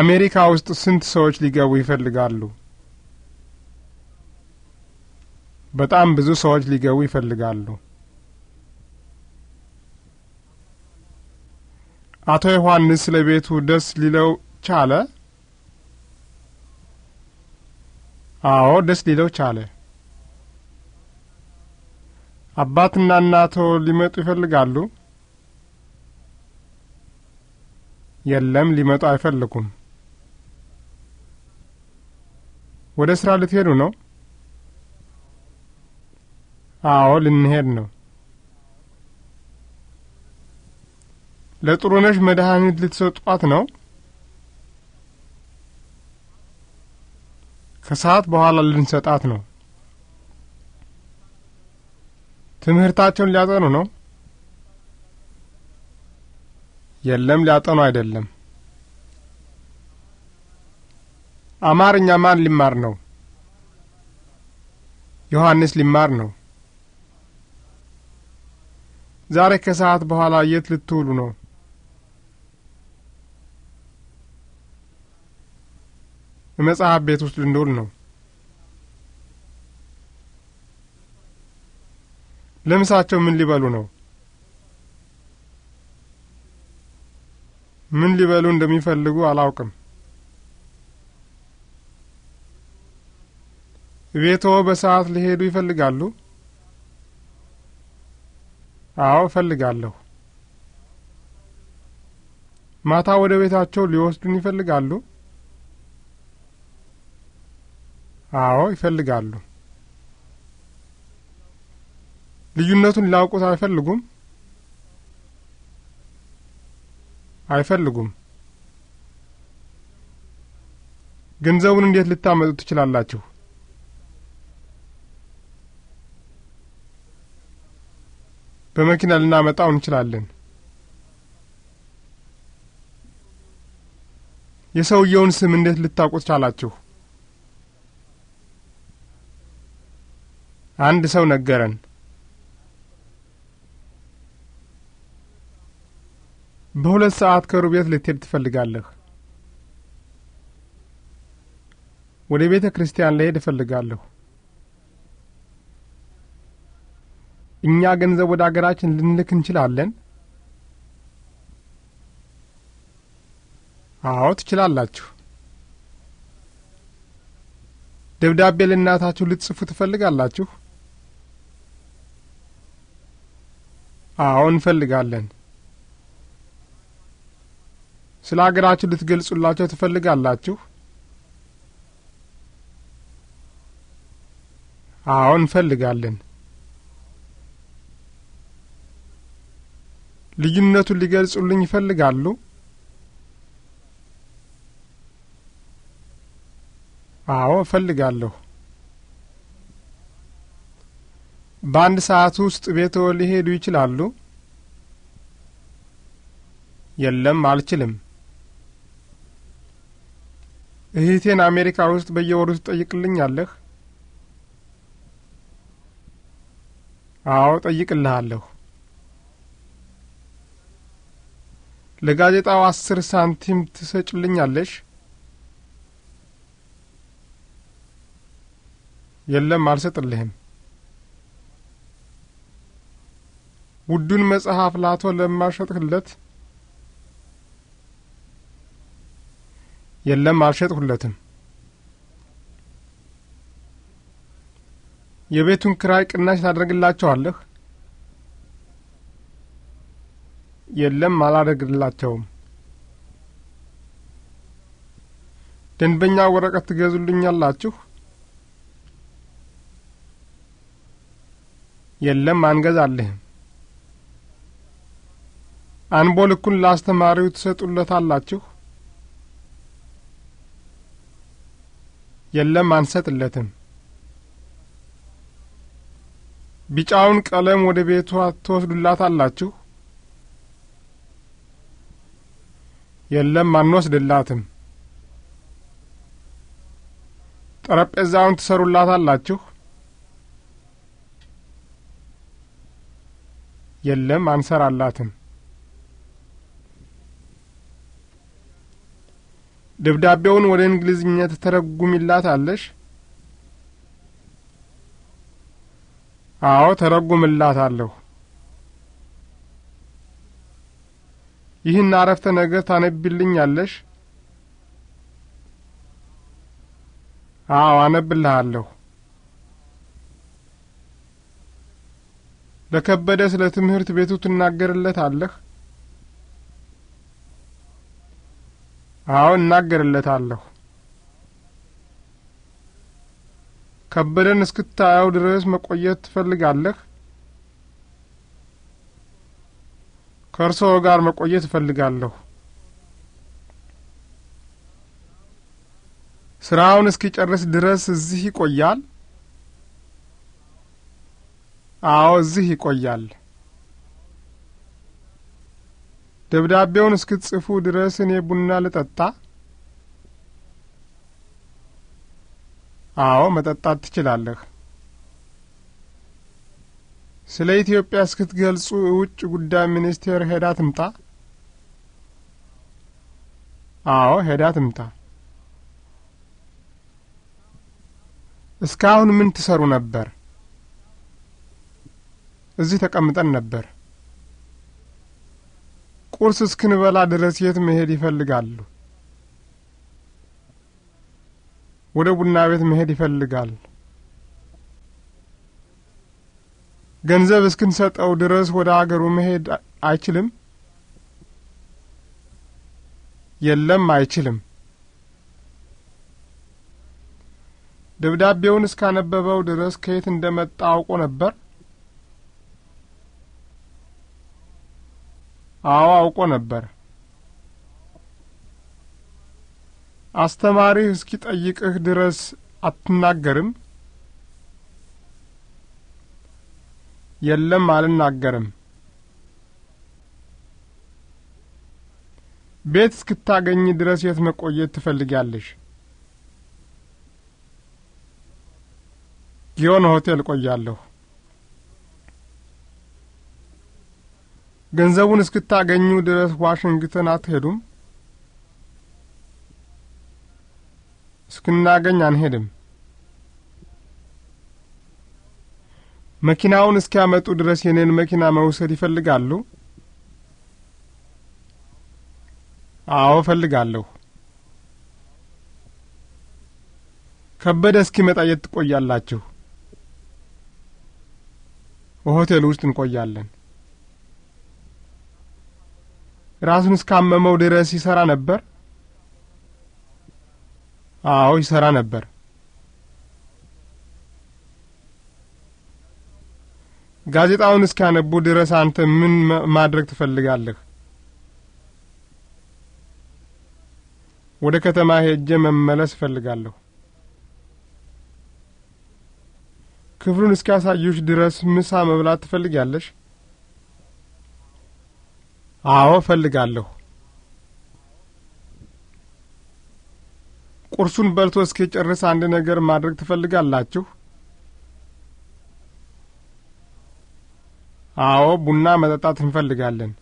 አሜሪካ ውስጥ ስንት ሰዎች ሊገቡ ይፈልጋሉ? በጣም ብዙ ሰዎች ሊገቡ ይፈልጋሉ። አቶ ዮሐንስ ስለ ቤቱ ደስ ሊለው ቻለ? አዎ ደስ ሊለው ቻለ። አባትና እናቶ ሊመጡ ይፈልጋሉ? የለም፣ ሊመጡ አይፈልጉም። ወደ ስራ ልትሄዱ ነው? አዎ፣ ልንሄድ ነው። ለጥሩነሽ መድኃኒት ልትሰጧት ነው? ከሰዓት በኋላ ልንሰጣት ነው። ትምህርታቸውን ሊያጠኑ ነው? የለም፣ ሊያጠኑ አይደለም። አማርኛ ማን ሊማር ነው? ዮሐንስ ሊማር ነው። ዛሬ ከሰዓት በኋላ የት ልትውሉ ነው? በመጽሐፍ ቤት ውስጥ ልንውል ነው። ለምሳቸው ምን ሊበሉ ነው? ምን ሊበሉ እንደሚፈልጉ አላውቅም። ቤትዎ በሰዓት ሊሄዱ ይፈልጋሉ? አዎ እፈልጋለሁ። ማታ ወደ ቤታቸው ሊወስዱን ይፈልጋሉ? አዎ ይፈልጋሉ። ልዩነቱን ሊያውቁት አይፈልጉም? አይፈልጉም። ገንዘቡን እንዴት ልታመጡ ትችላላችሁ? በመኪና ልናመጣው እንችላለን። የሰውየውን ስም እንዴት ልታውቁ ቻላችሁ? አንድ ሰው ነገረን። በሁለት ሰዓት ከሩብ የት ልትሄድ ትፈልጋለህ? ወደ ቤተ ክርስቲያን ልሄድ እፈልጋለሁ። እኛ ገንዘብ ወደ አገራችን ልንልክ እንችላለን? አዎ ትችላላችሁ። ደብዳቤ ለእናታችሁ ልትጽፉ ትፈልጋላችሁ? አዎ እንፈልጋለን። ስለ አገራችሁ ልትገልጹላቸው ትፈልጋላችሁ? አዎ እንፈልጋለን። ልዩነቱን ሊገልጹልኝ ይፈልጋሉ? አዎ እፈልጋለሁ። በአንድ ሰዓት ውስጥ ቤትዎ ሊሄዱ ይችላሉ? የለም፣ አልችልም። እህቴን አሜሪካ ውስጥ በየወሩ ትጠይቅልኛለህ? አዎ ጠይቅልሃለሁ። ለጋዜጣው አስር ሳንቲም ትሰጭልኛለሽ? የለም አልሰጥልህም። ውዱን መጽሐፍ ላቶ ለማሸጥህለት የለም አልሸጥሁለትም። የቤቱን ክራይ ቅናሽ ታደርግላቸዋለህ? የለም አላደርግላቸውም። ደንበኛ ወረቀት ትገዙልኛላችሁ? የለም አንገዛልህም። አንቦ ልኩን ለአስተማሪው ትሰጡለታላችሁ? የለም አንሰጥለትም። ቢጫውን ቀለም ወደ ቤቷ ትወስዱላት አላችሁ? የለም አንወስድላትም። ጠረጴዛውን ትሰሩላት አላችሁ? የለም አንሰራላትም። ደብዳቤውን ወደ እንግሊዝኛ ትተረጉሚላታለሽ? አዎ ተረጉምላታለሁ። ይህን አረፍተ ነገር ታነብልኛለሽ? አዎ አነብልሃለሁ። ለከበደ ስለ ትምህርት ቤቱ ትናገርለታለህ? አዎ እናገርለታለሁ። ከበደን እስክታየው ድረስ መቆየት ትፈልጋለህ? ከእርስዎ ጋር መቆየት እፈልጋለሁ። ስራውን እስኪጨርስ ድረስ እዚህ ይቆያል? አዎ፣ እዚህ ይቆያል። ደብዳቤውን እስክትጽፉ ድረስ እኔ ቡና ልጠጣ? አዎ፣ መጠጣት ትችላለህ። ስለ ኢትዮጵያ እስክትገልጹ ውጭ ጉዳይ ሚኒስቴር ሄዳ ትምጣ? አዎ፣ ሄዳ ትምጣ። እስካሁን ምን ትሰሩ ነበር? እዚህ ተቀምጠን ነበር። ቁርስ እስክንበላ ድረስ የት መሄድ ይፈልጋሉ? ወደ ቡና ቤት መሄድ ይፈልጋል። ገንዘብ እስክንሰጠው ድረስ ወደ አገሩ መሄድ አይችልም። የለም፣ አይችልም። ደብዳቤውን እስካነበበው ድረስ ከየት እንደመጣ አውቆ ነበር። አዎ አውቆ ነበር። አስተማሪህ ጠይቅህ ድረስ አትናገርም? የለም፣ አልናገርም። ቤት እስክታገኝ ድረስ የት መቆየት ትፈልጊያለሽ? ጊዮን ሆቴል እቆያለሁ። ገንዘቡን እስክታገኙ ድረስ ዋሽንግተን አትሄዱም? እስክናገኝ አንሄድም። መኪናውን እስኪያመጡ ድረስ የኔን መኪና መውሰድ ይፈልጋሉ? አዎ እፈልጋለሁ። ከበደ እስኪመጣ የት ትቆያላችሁ? በሆቴል ውስጥ እንቆያለን። ራሱን እስካመመው ድረስ ይሰራ ነበር? አዎ ይሰራ ነበር። ጋዜጣውን እስኪያነቡ ድረስ አንተ ምን ማድረግ ትፈልጋለህ? ወደ ከተማ ሄጄ መመለስ እፈልጋለሁ። ክፍሉን እስኪያሳዩሽ ድረስ ምሳ መብላት ትፈልጊያለሽ? አዎ እፈልጋለሁ። ቁርሱን በልቶ እስኪጨርስ አንድ ነገር ማድረግ ትፈልጋላችሁ? አዎ ቡና መጠጣት እንፈልጋለን።